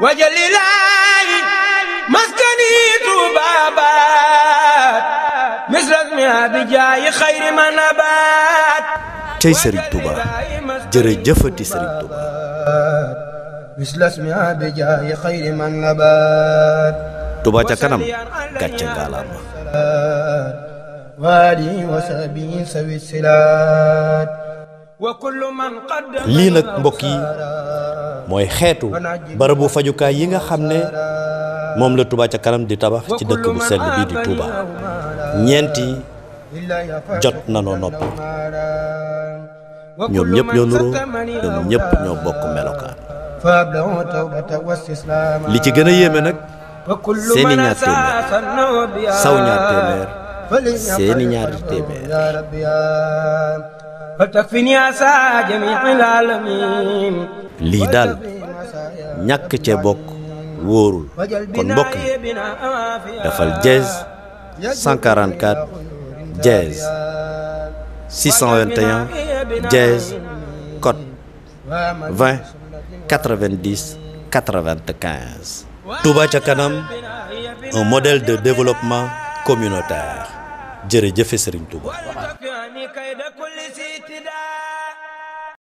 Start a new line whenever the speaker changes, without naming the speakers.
wajalilaayi maskani tuubaabaat misras mi abijaayi xayri ma nabaat
tey sëriñ Touba jërëjëfati xayri
ma nabaat
Touba ca kanam gàcce ngaalaama lii nag mbokk yi mooy xeetu barabu fajukaay yi nga xam ne moom la Touba ca kanam di tabax ci dëkk bu sell bii di Touba ñeenti jot nanoo noppi ñoom ñëpp ñoo nuroo ñoom ñëpp ñoo bokk melokaan li ci gën a yéeme nag
seeni saw ñaar téeméer
seeni ñaar
téeméer lii
daal ñàkk cee bokk wóorul kon mbokk
yi dafal jazz
144 jazz 621 jazz code ca kanam un modèle de développement communautaire. jërëjëfe Serigne Touba